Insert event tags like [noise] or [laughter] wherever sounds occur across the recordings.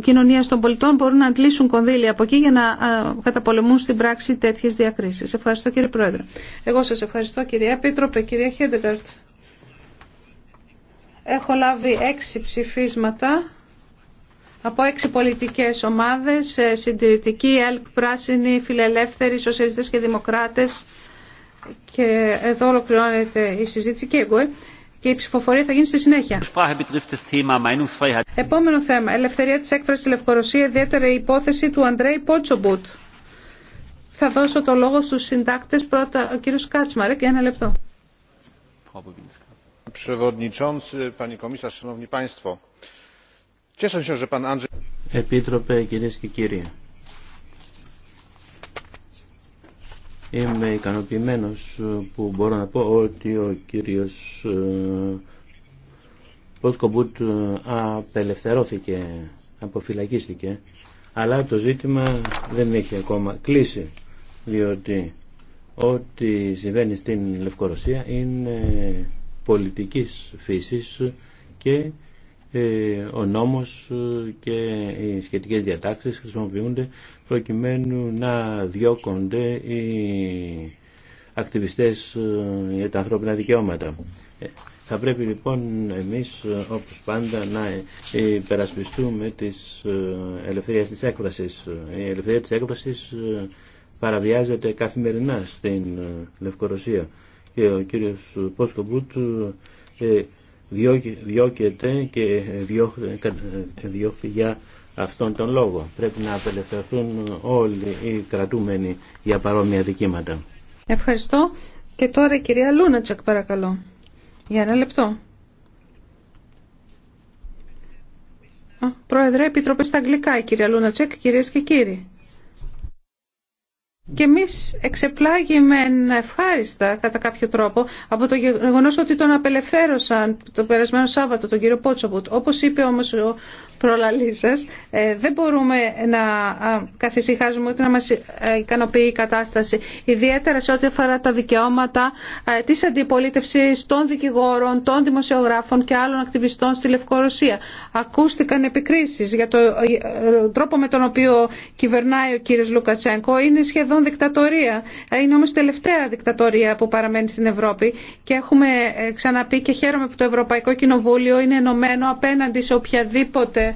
κοινωνία των πολιτών μπορούν να αντλήσουν κονδύλια από εκεί για να ε, καταπολεμούν στην πράξη τέτοιε διακρίσεις. Ευχαριστώ κύριε Πρόεδρε. Εγώ σας ευχαριστώ κυρία Πίτροπε, κυρία Χέντεγκαρτ. Έχω λάβει έξι ψηφίσματα από έξι πολιτικές ομάδες, ε, συντηρητικοί, ΕΛΚ, πράσινοι, φιλελεύθεροι, σοσιαλιστές και δημοκράτες. Και εδώ ολοκληρώνεται η συζήτηση και εγώ. Ε και η ψηφοφορία θα γίνει στη συνέχεια. Επόμενο θέμα. Ελευθερία τη έκφρασης στη Λευκορωσία, ιδιαίτερα η υπόθεση του Αντρέη Πότσομπουτ. Θα δώσω το λόγο στου συντάκτε πρώτα ο κύριος Κάτσμαρεκ για ένα λεπτό. Επίτροπε κυρίε και κύριοι, Είμαι ικανοποιημένος που μπορώ να πω ότι ο κύριος ε, Ποσκομπούτ ε, απελευθερώθηκε, αποφυλακίστηκε, αλλά το ζήτημα δεν έχει ακόμα κλείσει, διότι ό,τι συμβαίνει στην Λευκορωσία είναι πολιτικής φύσης και ε, ο νόμος ε, και οι σχετικές διατάξεις χρησιμοποιούνται προκειμένου να διώκονται οι ακτιβιστές ε, για τα ανθρώπινα δικαιώματα. Θα πρέπει λοιπόν εμείς όπως πάντα να υπερασπιστούμε τις ελευθερίες της έκφρασης. Η ελευθερία της έκφρασης παραβιάζεται καθημερινά στην Λευκορωσία και ο κύριος Πόσκομπούτ διώκεται και διώχθη για αυτόν τον λόγο. Πρέπει να απελευθερωθούν όλοι οι κρατούμενοι για παρόμοια δικήματα. Ευχαριστώ. Και τώρα η κυρία Λούνατσεκ, παρακαλώ. Για ένα λεπτό. Α, Πρόεδρε, επιτροπές στα Αγγλικά, η κυρία Λούνατσεκ, κυρίες και κύριοι. Και εμεί εξεπλάγημεν ευχάριστα κατά κάποιο τρόπο από το γεγονό ότι τον απελευθέρωσαν το περασμένο Σάββατο τον κύριο Πότσοβουτ. Όπω είπε όμω ο προλαλή σα. Ε, δεν μπορούμε να καθησυχάζουμε ούτε να μα ε, ικανοποιεί η κατάσταση. Ιδιαίτερα σε ό,τι αφορά τα δικαιώματα ε, της αντιπολίτευσης των δικηγόρων, των δημοσιογράφων και άλλων ακτιβιστών στη Λευκορωσία. Ακούστηκαν επικρίσεις για τον ε, τρόπο με τον οποίο κυβερνάει ο κύριο Λουκατσέγκο. Είναι σχεδόν δικτατορία. Ε, είναι όμω τελευταία δικτατορία που παραμένει στην Ευρώπη και έχουμε ξαναπεί και χαίρομαι που το Ευρωπαϊκό Κοινοβούλιο είναι ενωμένο απέναντι σε οποιαδήποτε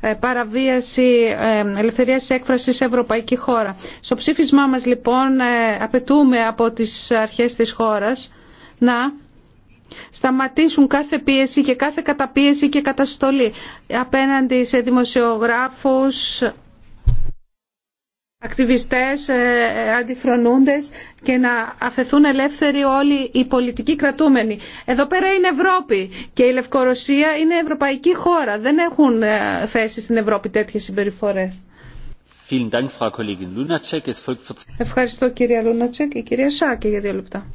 ε, παραβίαση ε, ελευθερίας έκφρασης σε ευρωπαϊκή χώρα. Στο ψήφισμά μας λοιπόν ε, απαιτούμε από τις αρχές της χώρας να σταματήσουν κάθε πίεση και κάθε καταπίεση και καταστολή απέναντι σε δημοσιογράφους, ακτιβιστές, ε, ε, αντιφρονούντες και να αφαιθούν ελεύθεροι όλοι οι πολιτικοί κρατούμενοι. Εδώ πέρα είναι Ευρώπη και η Λευκορωσία είναι ευρωπαϊκή χώρα. Δεν έχουν ε, θέση στην Ευρώπη τέτοιες συμπεριφορές. Ευχαριστώ κυρία Λούνατσεκ. Η κυρία Σάκη για δύο λεπτά.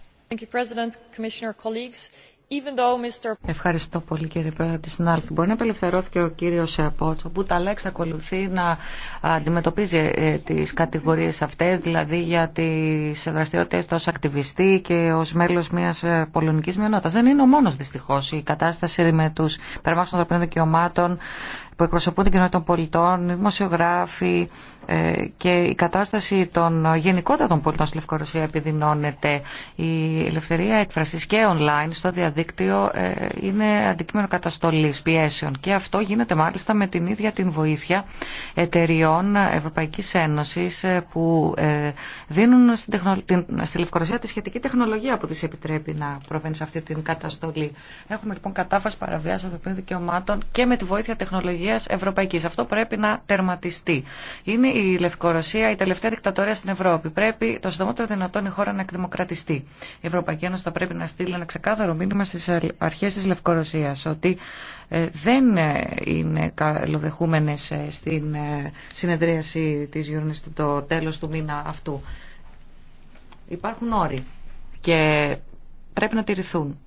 Ευχαριστώ πολύ κύριε Πρόεδρε τη συνάλφη. Μπορεί να απελευθερώθηκε ο κύριος ε, Πότσο που τα λέξη ακολουθεί να αντιμετωπίζει ε, τις κατηγορίες αυτές, δηλαδή για τις δραστηριότητες του ως ακτιβιστή και ως μέλος μιας ε, πολωνικής μειονότητας. Δεν είναι ο μόνος δυστυχώς η κατάσταση με τους περμάξεων των δικαιωμάτων που εκπροσωπούν την κοινότητα των πολιτών, δημοσιογράφοι ε, και η κατάσταση των ε, των πολιτών στη Λευκορωσία επιδεινώνεται. Η ελευθερία έκφραση και online στο διαδίκτυο ε, είναι αντικείμενο καταστολή πιέσεων και αυτό γίνεται μάλιστα με την ίδια την βοήθεια εταιριών Ευρωπαϊκής Ένωσης που δίνουν στη Λευκορωσία τη σχετική τεχνολογία που τη επιτρέπει να προβαίνει σε αυτή την καταστολή. Έχουμε λοιπόν κατάφαση παραβίαση ανθρωπίνων δικαιωμάτων και με τη βοήθεια τεχνολογία ευρωπαϊκής. Αυτό πρέπει να τερματιστεί. Είναι η Λευκορωσία η τελευταία δικτατορία στην Ευρώπη. Πρέπει το συντομότερο δυνατόν η χώρα να εκδημοκρατιστεί. Η Ευρωπαϊκή Ένωση θα πρέπει να στείλει ένα ξεκάθαρο μήνυμα στις αρχές της Λευκορωσίας ότι ε, δεν ε, είναι καλοδεχούμενες ε, στην συνεδρίαση της Γιούρνη το τέλο του μήνα αυτού. Υπάρχουν όροι και πρέπει να τηρηθούν.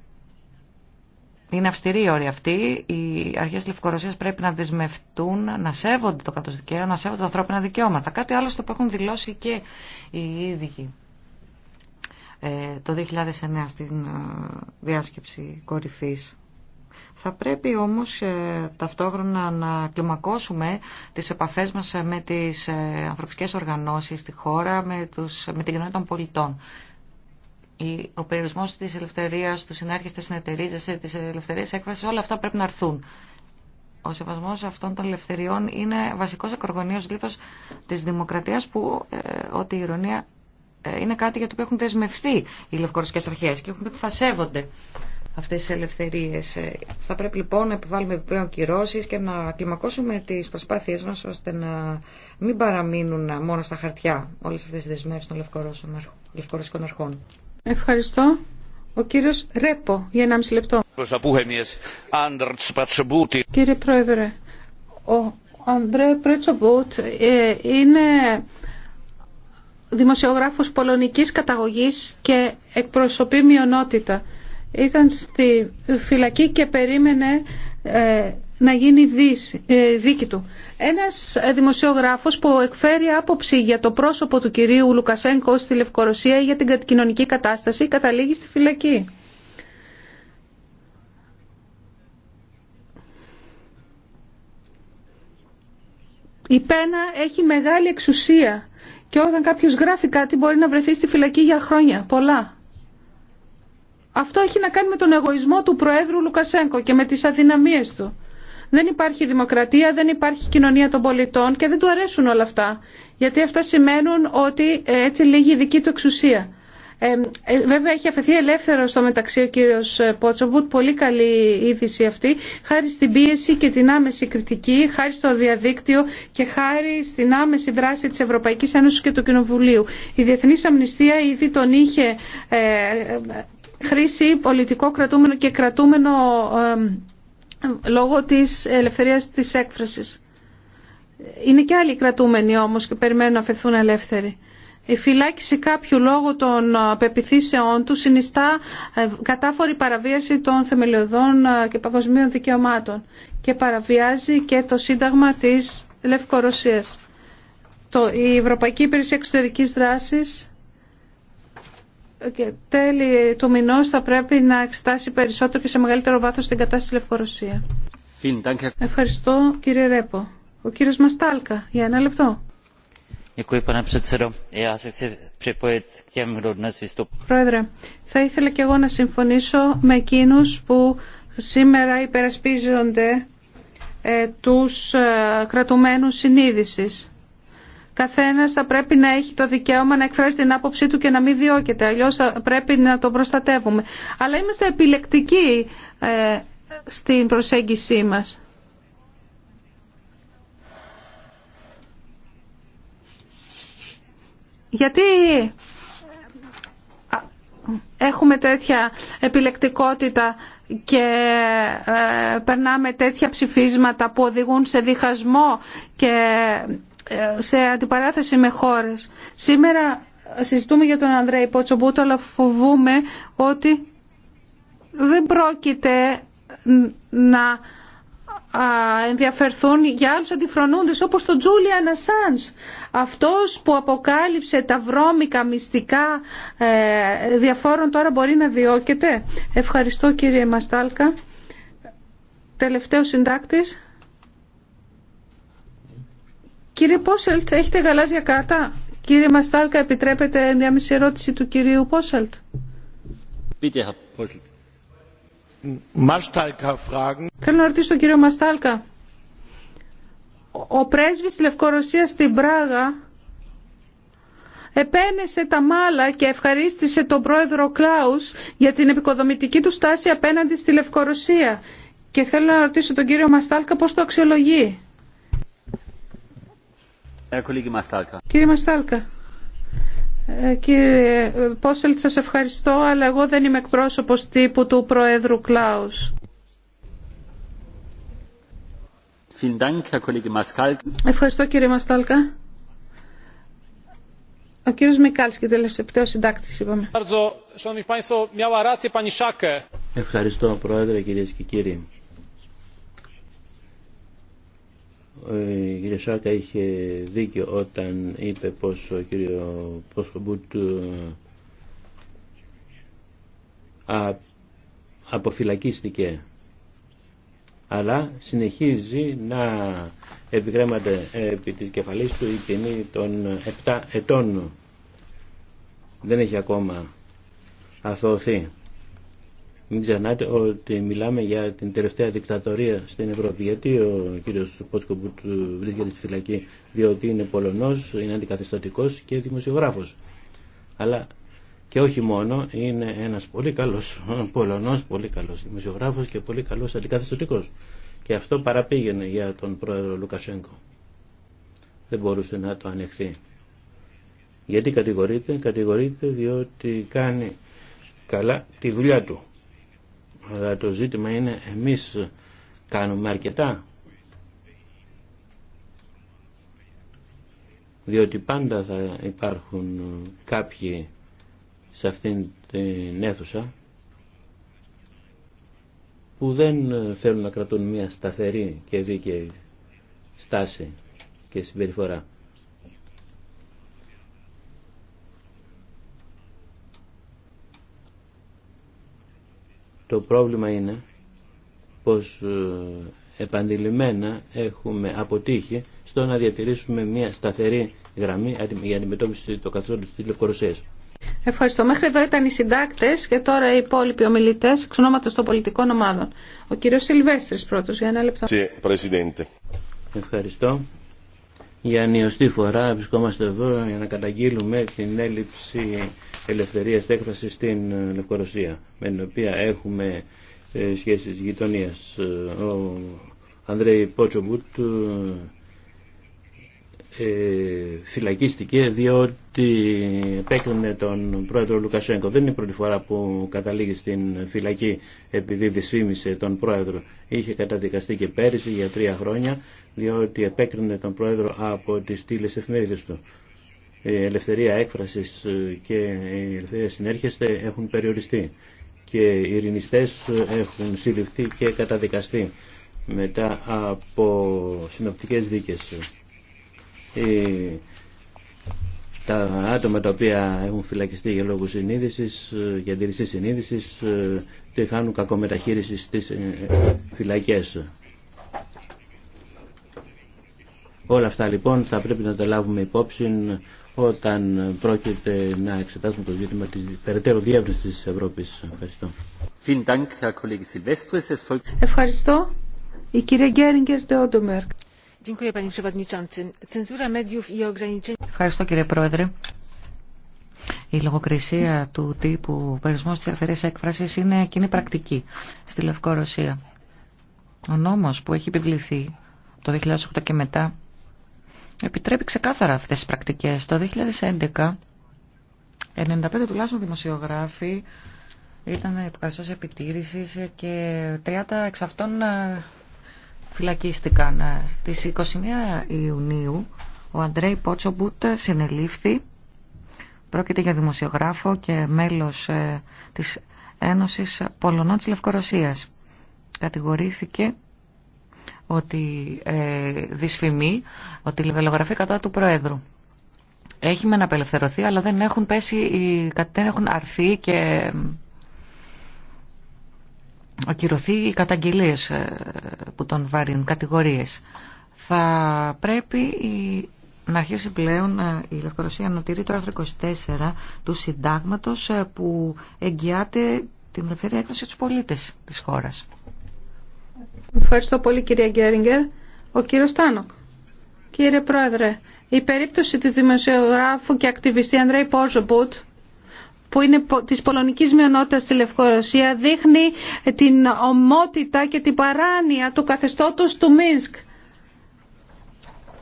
Είναι αυστηρή η όρη αυτή. Οι αρχέ τη Λευκορωσία πρέπει να δεσμευτούν, να σέβονται το κράτο δικαίου, να σέβονται τα ανθρώπινα δικαιώματα. Κάτι άλλο στο που έχουν δηλώσει και οι ίδιοι ε, το 2009 στην ε, διάσκεψη κορυφή. Θα πρέπει όμως ε, ταυτόχρονα να κλιμακώσουμε τις επαφές μας με τις ε, ανθρωπικές οργανώσεις στη χώρα, με, τους, με την κοινωνία των πολιτών ο περιορισμό τη ελευθερία του τη συνεταιρίζεσαι, τη ελευθερία έκφραση, όλα αυτά πρέπει να έρθουν. Ο σεβασμό αυτών των ελευθεριών είναι βασικό ακρογωνίο λίθο τη δημοκρατία που ε, ότι η ηρωνία ε, είναι κάτι για το οποίο έχουν δεσμευτεί οι λευκορωσικέ αρχέ και έχουν πει ότι θα σέβονται αυτές τις ελευθερίες. Ε, θα πρέπει λοιπόν να επιβάλλουμε επιπλέον κυρώσει και να κλιμακώσουμε τι προσπάθειε μα ώστε να μην παραμείνουν μόνο στα χαρτιά όλε αυτέ οι δεσμεύσει των λευκορωσικών αρχών. Ευχαριστώ. Ο κύριος Ρέπο, για μισή λεπτό. Κύριε Πρόεδρε, ο Ανδρέ Πρέτσοβούτ ε, είναι δημοσιογράφος πολωνικής καταγωγής και εκπροσωπεί μειονότητα. Ήταν στη φυλακή και περίμενε ε, να γίνει ε, δίκη του. Ένας ε, δημοσιογράφος που εκφέρει άποψη για το πρόσωπο του κυρίου Λουκασέγκο στη Λευκορωσία για την κοινωνική κατάσταση καταλήγει στη φυλακή. Η πένα έχει μεγάλη εξουσία και όταν κάποιος γράφει κάτι μπορεί να βρεθεί στη φυλακή για χρόνια, πολλά. Αυτό έχει να κάνει με τον εγωισμό του Προέδρου Λουκασέγκο και με τις αδυναμίες του δεν υπάρχει δημοκρατία, δεν υπάρχει κοινωνία των πολιτών και δεν του αρέσουν όλα αυτά. Γιατί αυτά σημαίνουν ότι ε, έτσι λύγει η δική του εξουσία. Ε, ε, βέβαια έχει αφαιθεί ελεύθερο στο μεταξύ ο κύριος ε, Πότσοβουτ, πολύ καλή είδηση αυτή, χάρη στην πίεση και την άμεση κριτική, χάρη στο διαδίκτυο και χάρη στην άμεση δράση της Ευρωπαϊκής Ένωσης και του Κοινοβουλίου. Η Διεθνής Αμνηστία ήδη τον είχε ε, χρήση πολιτικό κρατούμενο και κρατούμενο λόγω της ελευθερίας της έκφρασης. Είναι και άλλοι κρατούμενοι όμως και περιμένουν να φεθούν ελεύθεροι. Η φυλάκιση κάποιου λόγω των πεπιθήσεων του συνιστά ε, κατάφορη παραβίαση των θεμελιωδών ε, και παγκοσμίων δικαιωμάτων και παραβιάζει και το Σύνταγμα της Λευκορωσίας. Το, η Ευρωπαϊκή Υπηρεσία Εξωτερικής Δράσης και τέλη του μηνό θα πρέπει να εξετάσει περισσότερο και σε μεγαλύτερο βάθο την κατάσταση στη Λευκορωσία. Ευχαριστώ κύριε Ρέπο. Ο κύριο Μαστάλκα, για ένα λεπτό. Πρόεδρε, θα ήθελα και εγώ να συμφωνήσω με εκείνου που σήμερα υπερασπίζονται ε, τους ε, κρατουμένου συνείδησης. Καθένας θα πρέπει να έχει το δικαίωμα να εκφράσει την άποψή του και να μην διώκεται. Αλλιώς πρέπει να το προστατεύουμε. Αλλά είμαστε επιλεκτικοί ε, στην προσέγγιση μας. Γιατί έχουμε τέτοια επιλεκτικότητα και ε, περνάμε τέτοια ψηφίσματα που οδηγούν σε διχασμό και σε αντιπαράθεση με χώρες. Σήμερα συζητούμε για τον Ανδρέη Ποτσομπούτο, αλλά φοβούμε ότι δεν πρόκειται να ενδιαφερθούν για άλλους αντιφρονούντες όπως τον Τζούλια Ασάνς αυτός που αποκάλυψε τα βρώμικα μυστικά ε, διαφόρων τώρα μπορεί να διώκεται ευχαριστώ κύριε Μαστάλκα τελευταίο συντάκτης Κύριε Πόσελτ, έχετε γαλάζια κάρτα. Κύριε Μαστάλκα, επιτρέπετε ενδιάμεση ερώτηση του κυρίου Πόσελτ. Θέλω να ρωτήσω τον κύριο Μαστάλκα. Ο πρέσβης της Λευκορωσίας στην Πράγα επένεσε τα μάλα και ευχαρίστησε τον πρόεδρο Κλάους για την επικοδομητική του στάση απέναντι στη Λευκορωσία. Και θέλω να ρωτήσω τον κύριο Μαστάλκα πώς το αξιολογεί. Ε, κύριε Μαστάλκα, ε, κύριε ε, Πόσελτ, σας ευχαριστώ, αλλά εγώ δεν είμαι εκπρόσωπος τύπου του Προέδρου Κλάους. Ευχαριστώ κύριε Μαστάλκα. Ο κύριος Μικάλσκι, τελευταίο συντάκτης, είπαμε. Ευχαριστώ, Πρόεδρε, κυρίες και κύριοι. Ε, η κυρία Σάκα είχε δίκιο όταν είπε πως ο κύριο Ποσκομπούτ ε, αποφυλακίστηκε αλλά συνεχίζει να επιγράμματα επί της κεφαλής του η ποινή των 7 ετών δεν έχει ακόμα αθωωθεί. Μην ξεχνάτε ότι μιλάμε για την τελευταία δικτατορία στην Ευρώπη. Γιατί ο κύριος Πότσκομπούτ βρίσκεται στη φυλακή, διότι είναι Πολωνό, είναι αντικαθεστατικός και δημοσιογράφο. Αλλά και όχι μόνο, είναι ένα πολύ καλό, [laughs] Πολωνό, πολύ καλό δημοσιογράφο και πολύ καλό αντικαθεστατικός. Και αυτό παραπήγαινε για τον πρόεδρο Λουκασέγκο. Δεν μπορούσε να το ανεχθεί. Γιατί κατηγορείται, κατηγορείται διότι κάνει καλά τη δουλειά του. Αλλά ε, το ζήτημα είναι εμείς κάνουμε αρκετά. Διότι πάντα θα υπάρχουν κάποιοι σε αυτήν την αίθουσα που δεν θέλουν να κρατούν μια σταθερή και δίκαιη στάση και συμπεριφορά. Το πρόβλημα είναι πως ε, επανειλημμένα έχουμε αποτύχει στο να διατηρήσουμε μια σταθερή γραμμή για αντιμετώπιση του καθόλου της Λευκορωσίας. Ευχαριστώ. Μέχρι εδώ ήταν οι συντάκτε και τώρα οι υπόλοιποι ομιλητέ εξ ονόματο των πολιτικών ομάδων. Ο κύριο Σιλβέστρη πρώτο, για ένα λεπτό. Ευχαριστώ. Για νιωστή φορά βρισκόμαστε εδώ για να καταγγείλουμε την έλλειψη ελευθερίας έκφρασης στην ε, Λευκορωσία, με την οποία έχουμε ε, σχέσεις γειτονίας. Ε, ο Ανδρέη Πότσομπουτ ε, φυλακίστηκε διότι επέκρινε τον πρόεδρο Λουκασέγκο. Δεν είναι η πρώτη φορά που καταλήγει στην φυλακή επειδή δυσφήμισε τον πρόεδρο. Είχε καταδικαστεί και πέρυσι για τρία χρόνια διότι επέκρινε τον πρόεδρο από τις στήλες εφημερίδες του. Η ε, ελευθερία έκφρασης ε, και η ελευθερία συνέρχεστε έχουν περιοριστεί και οι ειρηνιστέ έχουν συλληφθεί και καταδικαστεί μετά από συνοπτικές δίκες. Ε, τα άτομα τα οποία έχουν φυλακιστεί για λόγους συνείδησης, ε, για αντιρρησή συνείδησης, ε, του χάνουν κακομεταχείριση στις φυλακές. Όλα αυτά λοιπόν θα πρέπει να τα λάβουμε υπόψη όταν πρόκειται να εξετάσουμε το ζήτημα της περαιτέρω διεύρυνσης της Ευρώπης. Ευχαριστώ. Ευχαριστώ. Η κυρία Γκέριγκερ Ευχαριστώ κύριε Πρόεδρε. Η λογοκρισία του τύπου περιορισμό τη ελευθερία έκφραση είναι κοινή πρακτική στη Λευκορωσία. Ο νόμο που έχει επιβληθεί το 2008 και μετά επιτρέπει ξεκάθαρα αυτέ τι πρακτικέ. Το 2011, 95 τουλάχιστον δημοσιογράφοι ήταν υποκαθιστώ επιτήρηση και 30 εξ αυτών ε, φυλακίστηκαν. Ε, στις 21 Ιουνίου ο Αντρέι Πότσομπουτ συνελήφθη. Πρόκειται για δημοσιογράφο και μέλος ε, της Ένωσης Πολωνών της Λευκορωσίας. Κατηγορήθηκε ότι ε, δυσφημεί, ότι λιβελογραφεί κατά του Προέδρου. Έχει μεν απελευθερωθεί, αλλά δεν έχουν, πέσει, δεν έχουν αρθεί και ακυρωθεί οι καταγγελίες ε, που τον βαρύνουν, κατηγορίες. Θα πρέπει να αρχίσει πλέον ε, η Λευκορωσία να τηρεί το άρθρο 24 του συντάγματος ε, που εγγυάται την ελευθερία έκταση στους πολίτες της χώρας. Ευχαριστώ πολύ κυρία Γκέριγκερ. Ο κύριος Τάνοκ. Κύριε Πρόεδρε, η περίπτωση του δημοσιογράφου και ακτιβιστή Ανδρέη Πόρζομπουτ που είναι της πολωνικής μειονότητας στη Λευκορωσία δείχνει την ομότητα και την παράνοια του καθεστώτος του Μίνσκ.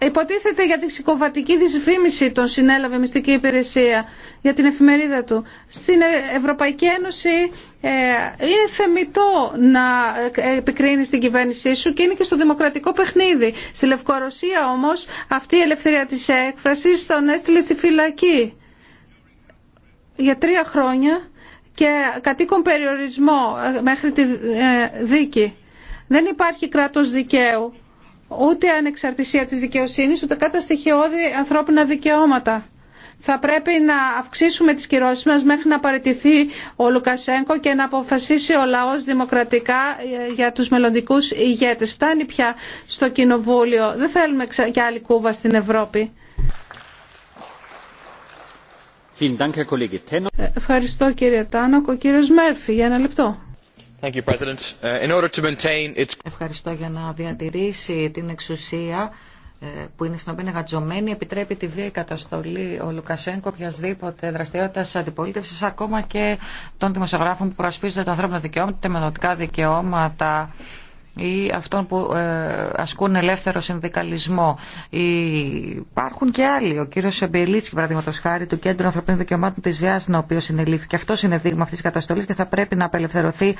Υποτίθεται για τη συκοβατική δυσφήμιση τον συνέλαβε μυστική υπηρεσία για την εφημερίδα του. Στην ε- Ευρωπαϊκή Ένωση ε, είναι θεμητό να ε, επικρίνει την κυβέρνησή σου και είναι και στο δημοκρατικό παιχνίδι. Στη Λευκορωσία όμως αυτή η ελευθερία της έκφρασης τον έστειλε στη φυλακή για τρία χρόνια και κατοίκον περιορισμό ε, μέχρι τη ε, δίκη. Δεν υπάρχει κράτος δικαίου, ούτε ανεξαρτησία της δικαιοσύνης, ούτε κατά στοιχειώδη ανθρώπινα δικαιώματα. Θα πρέπει να αυξήσουμε τις κυρώσεις μας μέχρι να παραιτηθεί ο Λουκασέγκο και να αποφασίσει ο λαός δημοκρατικά ε, για τους μελλοντικούς ηγέτες. Φτάνει πια στο Κοινοβούλιο. Δεν θέλουμε κι άλλη κούβα στην Ευρώπη. Ε, ευχαριστώ κύριε Τάνοκ. Ο κύριος Μέρφυ για ένα λεπτό. Ε, ευχαριστώ για να διατηρήσει την εξουσία ε, που είναι στην οποία είναι επιτρέπει τη βία καταστολή ο Λουκασέγκο οποιασδήποτε δραστηριότητα αντιπολίτευση, ακόμα και των δημοσιογράφων που προασπίζονται τα ανθρώπινα δικαιώματα, τα μενοτικά δικαιώματα, ή αυτών που ε, ασκούν ελεύθερο συνδικαλισμό. Υπάρχουν και άλλοι. Ο κύριο Σεμπελίτσκι, παραδείγματο χάρη, του Κέντρου Ανθρωπίνων Δικαιωμάτων τη Βιάσνα, ο οποίο συνελήφθη. Και αυτό είναι δείγμα αυτή τη καταστολή και θα πρέπει να απελευθερωθεί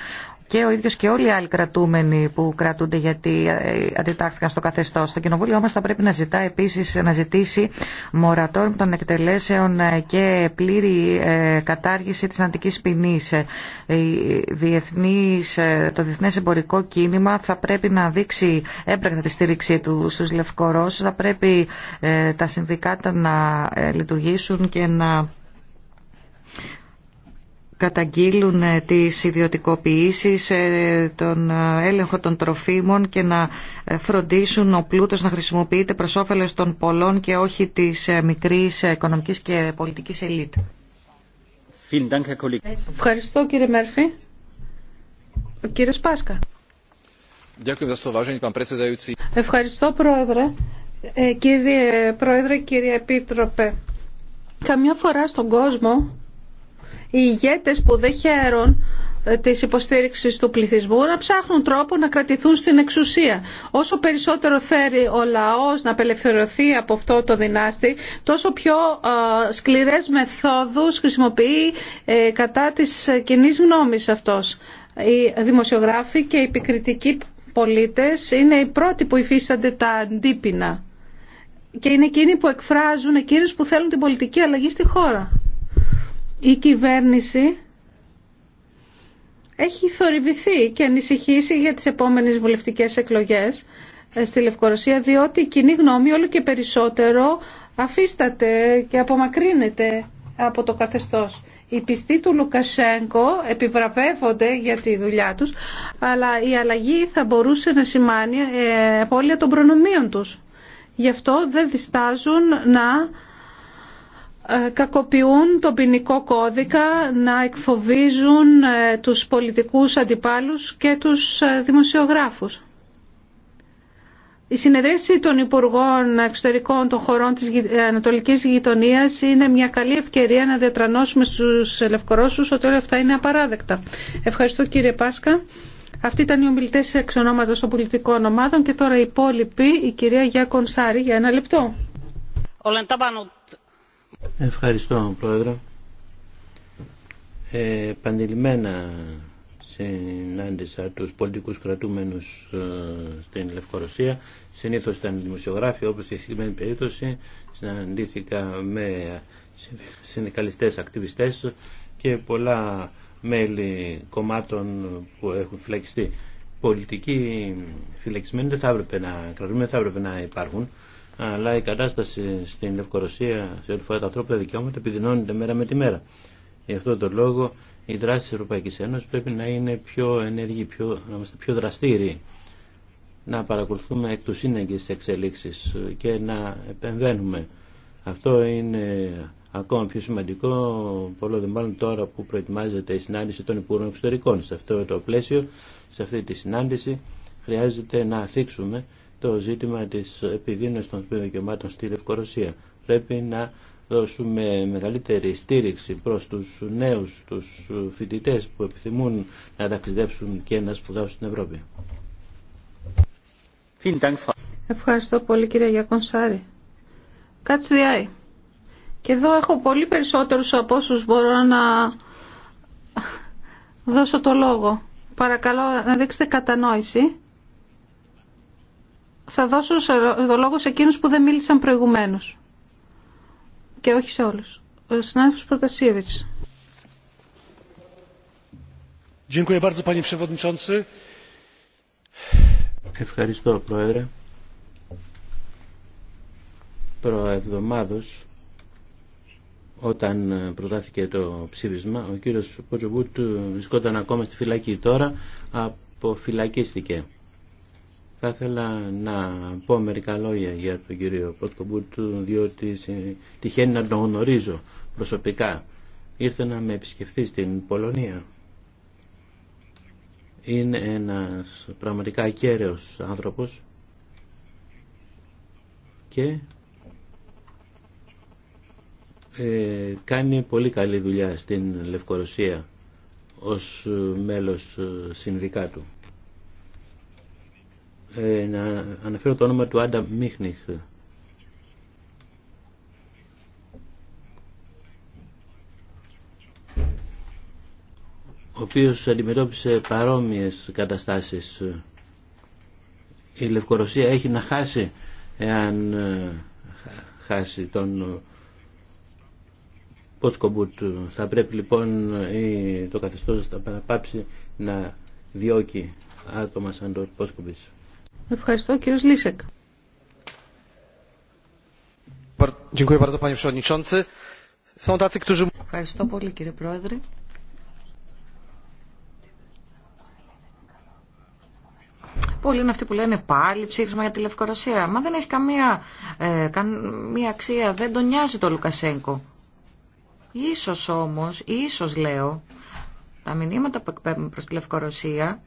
και ο ίδιο και όλοι οι άλλοι κρατούμενοι που κρατούνται γιατί ε, αντιτάχθηκαν στο καθεστώ. Το κοινοβούλιο μα θα πρέπει να ζητά επίση να ζητήσει μορατόριο των εκτελέσεων ε, και πλήρη κατάργηση τη αντική ποινή. Το διεθνέ εμπορικό κίνημα θα πρέπει να δείξει έμπρακτα τη στήριξή του στους Λευκορώσους, θα πρέπει ε, τα συνδικάτα να ε, λειτουργήσουν και να καταγγείλουν ε, τις ιδιωτικοποιήσεις, τον έλεγχο των τροφίμων και να φροντίσουν ο πλούτος να χρησιμοποιείται προς όφελος των πολλών και όχι της μικρής οικονομικής και πολιτικής ελίτ. Ευχαριστώ κύριε Μέρφη. Ο κύριος Πάσκα. Ευχαριστώ Πρόεδρε. Ε, κύριε Πρόεδρε, κύριε Επίτροπε. Καμιά φορά στον κόσμο οι ηγέτες που δεν χαίρουν ε, τη υποστήριξη του πληθυσμού να ψάχνουν τρόπο να κρατηθούν στην εξουσία. Όσο περισσότερο θέλει ο λαός να απελευθερωθεί από αυτό το δυνάστη, τόσο πιο ε, σκληρές μεθόδους χρησιμοποιεί κατά της κοινή γνώμης αυτός. Οι δημοσιογράφοι και οι επικριτικοί πολίτες είναι οι πρώτοι που υφίστανται τα αντίπεινα και είναι εκείνοι που εκφράζουν εκείνους που θέλουν την πολιτική αλλαγή στη χώρα. Η κυβέρνηση έχει θορυβηθεί και ανησυχήσει για τις επόμενες βουλευτικές εκλογές ε, στη Λευκορωσία διότι η κοινή γνώμη όλο και περισσότερο αφίσταται και απομακρύνεται από το καθεστώς οι πιστοί του Λουκασέγκο επιβραβεύονται για τη δουλειά τους, αλλά η αλλαγή θα μπορούσε να σημάνει ε, απώλεια των προνομίων τους. Γι' αυτό δεν διστάζουν να ε, κακοποιούν τον ποινικό κώδικα, να εκφοβίζουν ε, τους πολιτικούς αντιπάλους και τους δημοσιογράφους. Η συνεδρίαση των Υπουργών Εξωτερικών των χωρών της ε, Ανατολικής Γειτονίας είναι μια καλή ευκαιρία να διατρανώσουμε στους Λευκορώσους ότι όλα αυτά είναι απαράδεκτα. Ευχαριστώ κύριε Πάσκα. Αυτοί ήταν οι ομιλητέ εξ ονόματο των πολιτικών ομάδων και τώρα η υπόλοιποι, η κυρία Γιάκον Σάρη, για ένα λεπτό. Ευχαριστώ, Πρόεδρε. Ε, συνάντησα τους πολιτικούς κρατούμενους ε, στην Λευκορωσία Συνήθω ήταν δημοσιογράφοι, όπω στη συγκεκριμένη περίπτωση συναντήθηκα με συνδικαλιστέ, ακτιβιστέ και πολλά μέλη κομμάτων που έχουν φυλακιστεί. Πολιτικοί φυλακισμένοι δεν θα έπρεπε να κρατούν, δεν θα έπρεπε να υπάρχουν. Αλλά η κατάσταση στην Λευκορωσία σε ό,τι φορά τα ανθρώπινα δικαιώματα επιδεινώνεται μέρα με τη μέρα. Γι' αυτό τον λόγο η δράση τη Ευρωπαϊκή Ένωση πρέπει να είναι πιο ενεργή, πιο, να είμαστε πιο δραστήριοι να παρακολουθούμε εκ του σύνεγγυς εξελίξεις και να επεμβαίνουμε. Αυτό είναι ακόμα πιο σημαντικό, πολλό δε μάλλον τώρα που προετοιμάζεται η συνάντηση των Υπουργών Εξωτερικών. Σε αυτό το πλαίσιο, σε αυτή τη συνάντηση, χρειάζεται να θίξουμε το ζήτημα της επιδείνωσης των δικαιωμάτων στη Λευκορωσία. Πρέπει να δώσουμε μεγαλύτερη στήριξη προς τους νέους, τους φοιτητές που επιθυμούν να ταξιδέψουν και να σπουδάσουν στην Ευρώπη. Ευχαριστώ πολύ κύριε Γιακονσάρη. Κάτσε διάει. Και εδώ έχω πολύ περισσότερους από όσους μπορώ να δώσω το λόγο. Παρακαλώ να δείξετε κατανόηση. Θα δώσω το λόγο σε εκείνους που δεν μίλησαν προηγουμένως. Και όχι σε όλους. Ο συνάδελφος Πρωτασίεβιτς. Ευχαριστώ πολύ, panie przewodniczący. Ευχαριστώ Πρόεδρε. Προεβδομάδος όταν προτάθηκε το ψήφισμα ο κύριος Ποτσοβούτ βρισκόταν ακόμα στη φυλακή. Τώρα αποφυλακίστηκε. Θα ήθελα να πω μερικά λόγια για τον κύριο Ποτσοβούτ διότι τυχαίνει να τον γνωρίζω προσωπικά. Ήρθε να με επισκεφθεί στην Πολωνία είναι ένας πραγματικά ακέραιος άνθρωπος και ε, κάνει πολύ καλή δουλειά στην Λευκορωσία ως ε, μέλος ε, συνδικάτου. να αναφέρω το όνομα του Άντα Μίχνιχ ο οποίος αντιμετώπισε παρόμοιες καταστάσεις. Η Λευκορωσία έχει να χάσει εάν ε, χάσει τον ε, Ποτσκομπούτ. Θα πρέπει λοιπόν το καθεστώς να παραπάψει να διώκει άτομα σαν τον Ποτσκομπούτ. Ευχαριστώ κύριος Λίσεκ. Ευχαριστώ πολύ κύριε Πρόεδρε. Πολλοί είναι αυτοί που λένε πάλι ψήφισμα για τη Λευκορωσία. Μα δεν έχει καμία, ε, καμία αξία, δεν τον νοιάζει το Λουκασέγκο. Ίσως όμως, ίσως λέω, τα μηνύματα που εκπέμπουν προς τη Λευκορωσία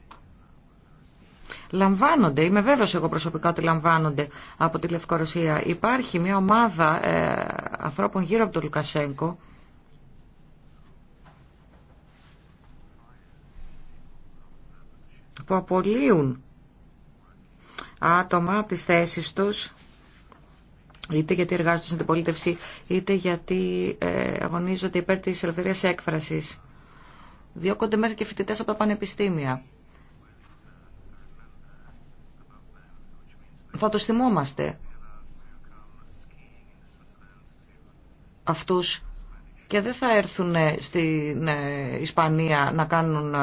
λαμβάνονται, είμαι βέβαιος εγώ προσωπικά ότι λαμβάνονται από τη Λευκορωσία. Υπάρχει μια ομάδα ε, ανθρώπων γύρω από τον Λουκασέγκο που απολύουν άτομα από τις θέσεις τους είτε γιατί εργάζονται στην αντιπολίτευση, είτε γιατί ε, αγωνίζονται υπέρ της ελευθερίας έκφρασης. Διώκονται μέχρι και φοιτητέ από τα πανεπιστήμια. Θα τους θυμόμαστε αυτούς και δεν θα έρθουν ε, στην ε, Ισπανία να κάνουν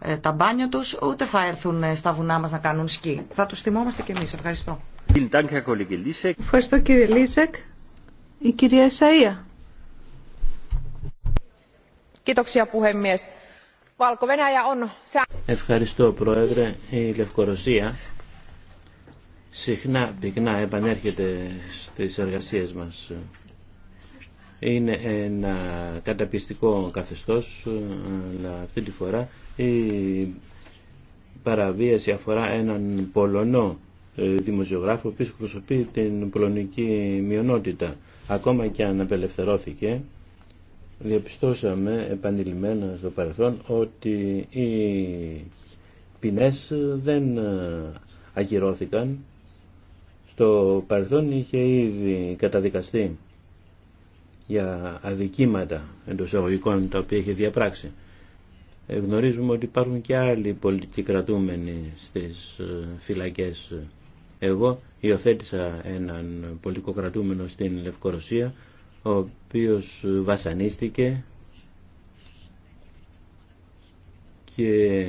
ε, τα μπάνια τους, ούτε θα έρθουν στα βουνά μας να κάνουν σκι. Θα τους θυμόμαστε και εμείς. Ευχαριστώ. Ευχαριστώ κύριε Λίσεκ. Η κυρία Σαΐα. Ευχαριστώ Πρόεδρε. Η Λευκορωσία συχνά πυκνά επανέρχεται στις εργασίες μας είναι ένα καταπιστικό καθεστώς, αλλά αυτή τη φορά η παραβίαση αφορά έναν Πολωνό ε, δημοσιογράφο που προσωπεί την πολωνική μειονότητα. Ακόμα και αν απελευθερώθηκε, διαπιστώσαμε επανειλημμένα στο παρελθόν ότι οι ποινές δεν ε, ακυρώθηκαν. Στο παρελθόν είχε ήδη καταδικαστεί για αδικήματα εντός εγωγικών τα οποία έχει διαπράξει. Ε, γνωρίζουμε ότι υπάρχουν και άλλοι πολιτικοί κρατούμενοι στις ε, φυλακές. Εγώ υιοθέτησα έναν πολιτικό κρατούμενο στην Λευκορωσία, ο οποίος βασανίστηκε και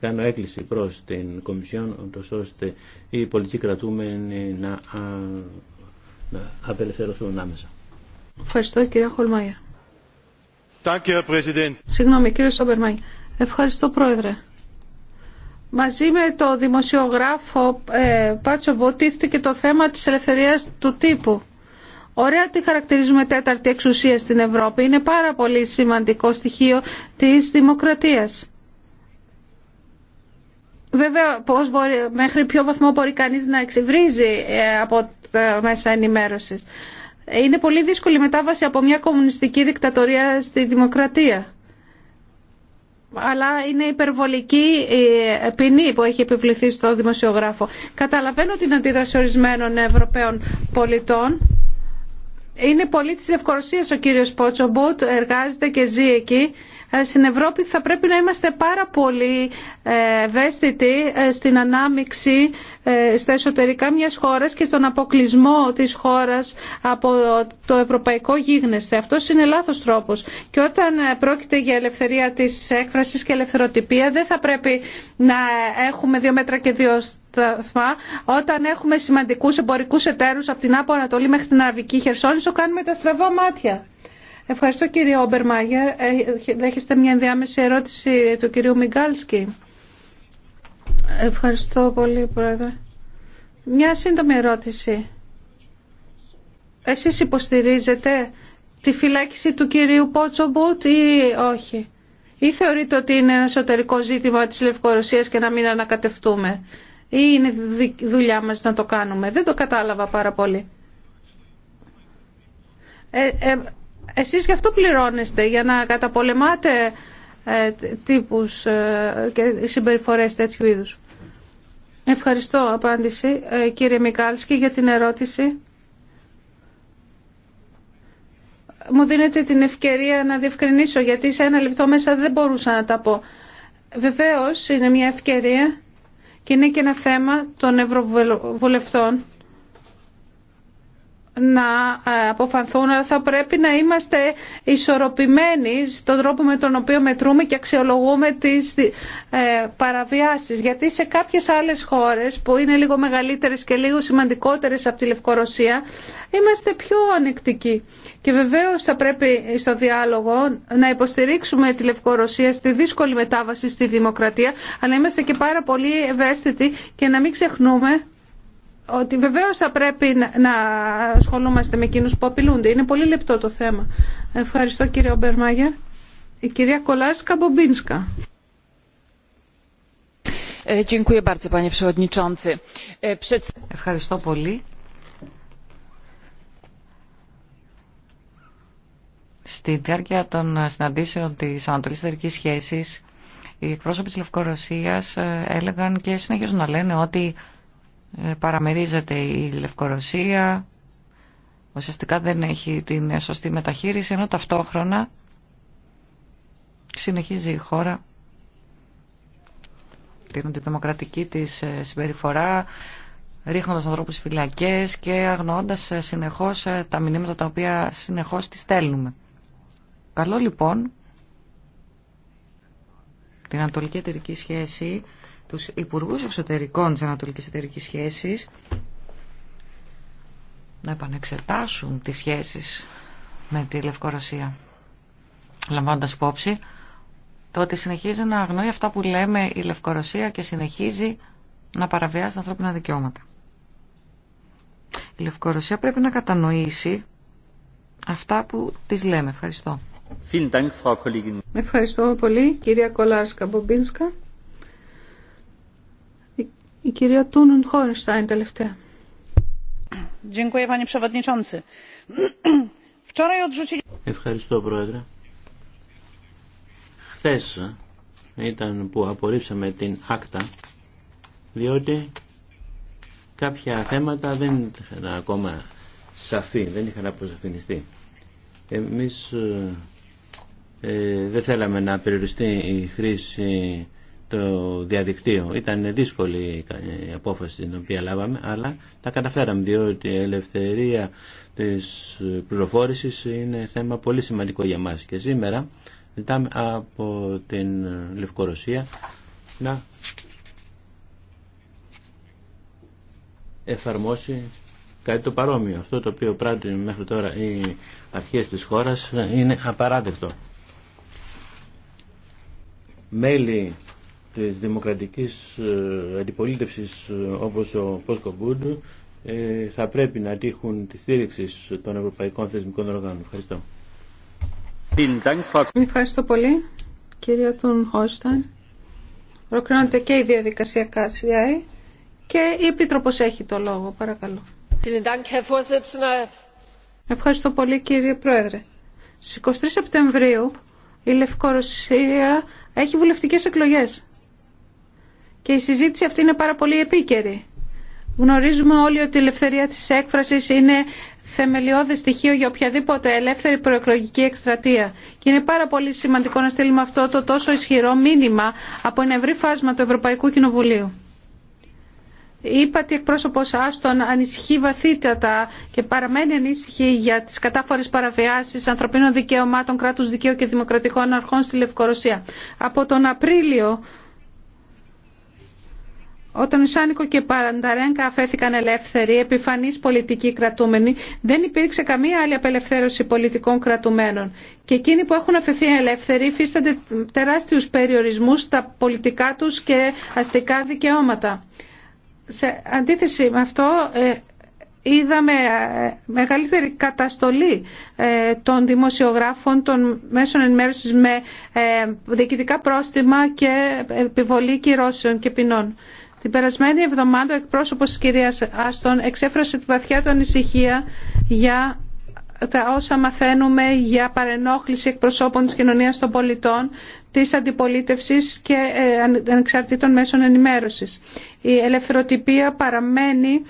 κάνω έκκληση προς την Κομισιόν ώστε οι πολιτικοί κρατούμενοι να, α, να απελευθερωθούν άμεσα. Ευχαριστώ κύριε Χολμάγερ. Συγγνώμη κύριε Σόμπερμαϊ. Ευχαριστώ πρόεδρε. Μαζί με το δημοσιογράφο ε, Πάτσο το θέμα της ελευθερίας του τύπου. Ωραία τι χαρακτηρίζουμε τέταρτη εξουσία στην Ευρώπη. Είναι πάρα πολύ σημαντικό στοιχείο της δημοκρατίας. Βέβαια, πώς μέχρι ποιο βαθμό μπορεί κανείς να εξυβρίζει ε, από τα μέσα ενημέρωσης. Είναι πολύ δύσκολη μετάβαση από μια κομμουνιστική δικτατορία στη δημοκρατία. Αλλά είναι υπερβολική η ποινή που έχει επιβληθεί στο δημοσιογράφο. Καταλαβαίνω την αντίδραση ορισμένων Ευρωπαίων πολιτών. Είναι πολύ της ο κύριος Πότσομπουτ, εργάζεται και ζει εκεί ε, στην Ευρώπη θα πρέπει να είμαστε πάρα πολύ ε, ευαίσθητοι ε, στην ανάμειξη στα εσωτερικά μιας χώρας και στον αποκλεισμό της χώρας από το ευρωπαϊκό γίγνεσθε. Αυτός είναι λάθος τρόπος. Και όταν πρόκειται για ελευθερία της έκφρασης και ελευθεροτυπία δεν θα πρέπει να έχουμε δύο μέτρα και δύο σταθμά. Όταν έχουμε σημαντικούς εμπορικούς εταίρους από την Άπο μέχρι την Αραβική Χερσόνησο κάνουμε τα στραβά μάτια. Ευχαριστώ κύριε Όμπερμαγερ. Ε, δέχεστε μια ενδιάμεση ερώτηση του κυρίου Μιγκάλσκι. Ευχαριστώ πολύ πρόεδρε. Μια σύντομη ερώτηση. Εσείς υποστηρίζετε τη φυλάκιση του κυρίου Πότσομπουτ ή όχι. Ή θεωρείτε ότι είναι ένα εσωτερικό ζήτημα της Λευκορωσίας και να μην ανακατευτούμε. Ή είναι δουλειά μας να το κάνουμε. Δεν το κατάλαβα πάρα πολύ. Ε, ε, εσείς γι' αυτό πληρώνεστε, για να καταπολεμάτε ε, τύπους ε, και συμπεριφορές τέτοιου είδους. Ευχαριστώ απάντηση ε, κύριε Μικάλσκι για την ερώτηση. Μου δίνετε την ευκαιρία να διευκρινίσω γιατί σε ένα λεπτό μέσα δεν μπορούσα να τα πω. Βεβαίως είναι μια ευκαιρία και είναι και ένα θέμα των ευρωβουλευτών να ε, αποφανθούν, αλλά θα πρέπει να είμαστε ισορροπημένοι στον τρόπο με τον οποίο μετρούμε και αξιολογούμε τις ε, παραβιάσεις. Γιατί σε κάποιες άλλες χώρες που είναι λίγο μεγαλύτερες και λίγο σημαντικότερες από τη Λευκορωσία, είμαστε πιο ανεκτικοί. Και βεβαίως θα πρέπει στο διάλογο να υποστηρίξουμε τη Λευκορωσία στη δύσκολη μετάβαση στη δημοκρατία, αλλά είμαστε και πάρα πολύ ευαίσθητοι και να μην ξεχνούμε ότι βεβαίω θα πρέπει να ασχολούμαστε με εκείνου που απειλούνται. Είναι πολύ λεπτό το θέμα. Ευχαριστώ κύριε Ομπερμάγερ. Η κυρία κολασκα Μπομπίνσκα. Ε, ε, Ευχαριστώ πολύ. Στη διάρκεια των συναντήσεων της Ανατολής Ιταλικής Σχέσης, οι εκπρόσωποι της Λευκορωσίας ε, έλεγαν και συνεχίζουν να λένε ότι ε, παραμερίζεται η Λευκορωσία, ουσιαστικά δεν έχει την σωστή μεταχείριση, ενώ ταυτόχρονα συνεχίζει η χώρα την αντιδημοκρατική της ε, συμπεριφορά, ρίχνοντας ανθρώπους φυλακές και αγνοώντας ε, συνεχώς τα μηνύματα τα οποία συνεχώς τις στέλνουμε. Καλό λοιπόν την Ανατολική Εταιρική Σχέση τους Υπουργούς Εξωτερικών της Ανατολικής Εταιρικής Σχέσης να επανεξετάσουν τις σχέσεις με τη Λευκορωσία. Λαμβάνοντας υπόψη το ότι συνεχίζει να αγνοεί αυτά που λέμε η Λευκορωσία και συνεχίζει να παραβιάζει ανθρώπινα δικαιώματα. Η Λευκορωσία πρέπει να κατανοήσει αυτά που της λέμε. Ευχαριστώ. Ευχαριστώ πολύ κυρία Κολάρσκα Μπομπίνσκα. Η κυρία Τούνεν είναι τελευταία. Ευχαριστώ, Πρόεδρε. Χθε ε, ήταν που απορρίψαμε την άκτα, διότι κάποια θέματα δεν είχαν ακόμα σαφή, δεν είχαν αποσαφινιστεί. Εμείς ε, ε δεν θέλαμε να περιοριστεί η χρήση το διαδικτύο. Ήταν δύσκολη η απόφαση την οποία λάβαμε, αλλά τα καταφέραμε, διότι η ελευθερία της πληροφόρησης είναι θέμα πολύ σημαντικό για μας. Και σήμερα ζητάμε από την Λευκορωσία να εφαρμόσει κάτι το παρόμοιο. Αυτό το οποίο πράττουν μέχρι τώρα οι αρχές της χώρας είναι απαράδεκτο. Μέλη της δημοκρατικής ε, αντιπολίτευσης ε, όπως ο Πόσκο Μπούντ ε, θα πρέπει να τύχουν τη στήριξη των ευρωπαϊκών θεσμικών οργάνων. Ευχαριστώ. Ευχαριστώ πολύ, κυρία τον Χόσταν. Προκρίνονται και η διαδικασία ΚΑΤΣΙΑΗ και η Επίτροπος έχει το λόγο. Παρακαλώ. Ευχαριστώ πολύ, κύριε Πρόεδρε. Στις 23 Σεπτεμβρίου η Λευκορωσία έχει βουλευτικές εκλογές και η συζήτηση αυτή είναι πάρα πολύ επίκαιρη. Γνωρίζουμε όλοι ότι η ελευθερία της έκφρασης είναι θεμελιώδη στοιχείο για οποιαδήποτε ελεύθερη προεκλογική εκστρατεία. Και είναι πάρα πολύ σημαντικό να στείλουμε αυτό το τόσο ισχυρό μήνυμα από ένα ευρύ φάσμα του Ευρωπαϊκού Κοινοβουλίου. Είπα ότι εκπρόσωπο Άστον ανησυχεί βαθύτατα και παραμένει ανήσυχη για τι κατάφορε παραβιάσει ανθρωπίνων δικαιωμάτων, κράτου δικαίου και δημοκρατικών αρχών στη Λευκορωσία. Από τον Απρίλιο όταν Σάνικο και Παρανταρένκα αφέθηκαν ελεύθεροι, επιφανεί πολιτικοί κρατούμενοι, δεν υπήρξε καμία άλλη απελευθέρωση πολιτικών κρατουμένων. Και εκείνοι που έχουν αφαιθεί ελεύθεροι υφίστανται τεράστιους περιορισμούς στα πολιτικά τους και αστικά δικαιώματα. Σε αντίθεση με αυτό, ε, είδαμε ε, μεγαλύτερη καταστολή ε, των δημοσιογράφων, των μέσων ενημέρωσης με διοικητικά πρόστιμα και επιβολή κυρώσεων και ποινών. Την περασμένη εβδομάδα ο εκπρόσωπος της κυρίας Άστον εξέφρασε τη βαθιά του ανησυχία για τα όσα μαθαίνουμε για παρενόχληση εκπροσώπων της κοινωνίας των πολιτών, της αντιπολίτευσης και ε, ανεξαρτήτων μέσων ενημέρωσης. Η ελευθεροτυπία παραμένει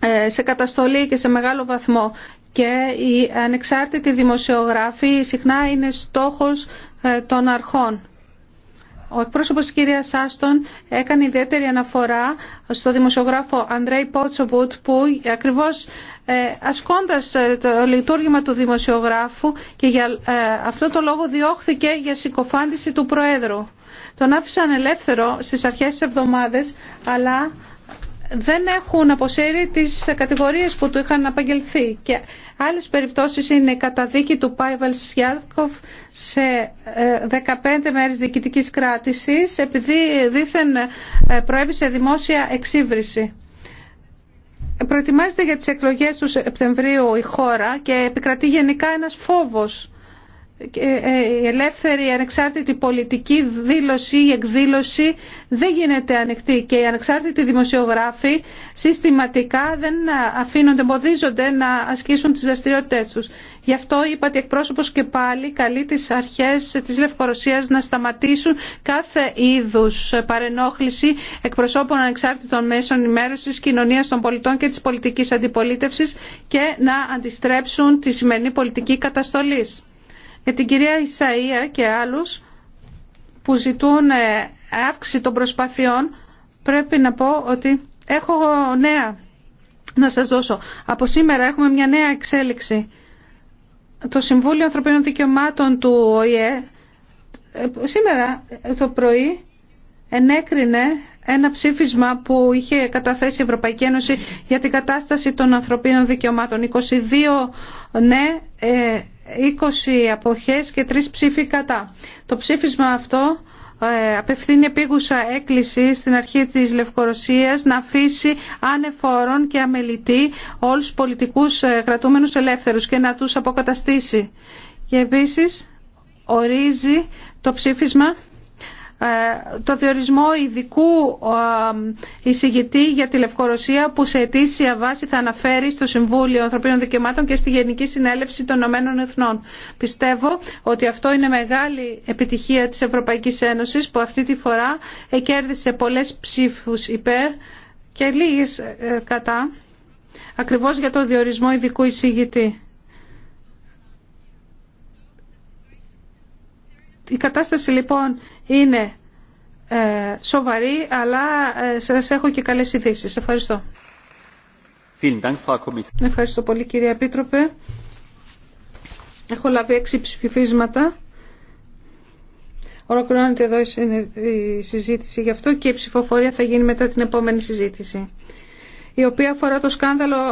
ε, σε καταστολή και σε μεγάλο βαθμό και η ανεξάρτητη δημοσιογράφη συχνά είναι στόχος ε, των αρχών. Ο εκπρόσωπος της κυρίας Άστον έκανε ιδιαίτερη αναφορά στο δημοσιογράφο Ανδρέη Πότσοβουτ που ακριβώς ε, ασκώντας ε, το λειτουργήμα του δημοσιογράφου και για ε, αυτό το λόγο διώχθηκε για συκοφάντηση του Προέδρου. Τον άφησαν ελεύθερο στις αρχές της εβδομάδες αλλά δεν έχουν αποσύρει τις κατηγορίες που του είχαν απαγγελθεί. Και άλλες περιπτώσεις είναι η καταδίκη του Πάιβαλ Σιάρκοφ σε 15 ε, μέρες διοικητικής κράτησης επειδή δήθεν ε, προέβησε δημόσια εξύβριση. Προετοιμάζεται για τις εκλογές του Σεπτεμβρίου η χώρα και επικρατεί γενικά ένας φόβος ε, η ελεύθερη ανεξάρτητη πολιτική δήλωση ή εκδήλωση δεν γίνεται ανοιχτή και οι ανεξάρτητοι δημοσιογράφοι συστηματικά δεν αφήνονται, εμποδίζονται να ασκήσουν τις δραστηριότητε τους. Γι' αυτό είπα ότι εκπρόσωπος και πάλι καλεί τις αρχές της Λευκορωσίας να σταματήσουν κάθε είδους παρενόχληση εκπροσώπων ανεξάρτητων μέσων ενημέρωσης, κοινωνίας των πολιτών και της πολιτικής αντιπολίτευσης και να αντιστρέψουν τη σημερινή πολιτική καταστολή για την κυρία Ισαΐα και άλλους που ζητούν ε, αύξηση των προσπαθειών πρέπει να πω ότι έχω νέα να σας δώσω. Από σήμερα έχουμε μια νέα εξέλιξη. Το Συμβούλιο Ανθρωπίνων Δικαιωμάτων του ΟΗΕ ε, σήμερα ε, το πρωί ενέκρινε ένα ψήφισμα που είχε καταθέσει η Ευρωπαϊκή Ένωση για την κατάσταση των ανθρωπίνων δικαιωμάτων. 22 ναι 20 αποχές και 3 ψήφοι κατά. Το ψήφισμα αυτό ε, απευθύνει επίγουσα έκκληση στην αρχή της Λευκορωσίας να αφήσει ανεφόρον και αμελητή όλους τους πολιτικούς ε, κρατούμενους ελεύθερους και να τους αποκαταστήσει. Και επίσης ορίζει το ψήφισμα ε, το διορισμό ειδικού ε, εισηγητή για τη Λευκορωσία που σε αιτήσια βάση θα αναφέρει στο Συμβούλιο Ανθρωπίνων Δικαιωμάτων και στη Γενική Συνέλευση των Ηνωμένων Εθνών. Πιστεύω ότι αυτό είναι μεγάλη επιτυχία της Ευρωπαϊκής Ένωσης που αυτή τη φορά εκέρδισε πολλές ψήφους υπέρ και λίγες ε, κατά ακριβώς για το διορισμό ειδικού εισηγητή. Η κατάσταση λοιπόν είναι ε, σοβαρή, αλλά ε, σας έχω και καλές ειδήσει. Ευχαριστώ. Ευχαριστώ πολύ κύριε Επίτροπε. Έχω λάβει έξι ψηφίσματα. Ολοκληρώνεται εδώ η συζήτηση γι' αυτό και η ψηφοφορία θα γίνει μετά την επόμενη συζήτηση, η οποία αφορά το σκάνδαλο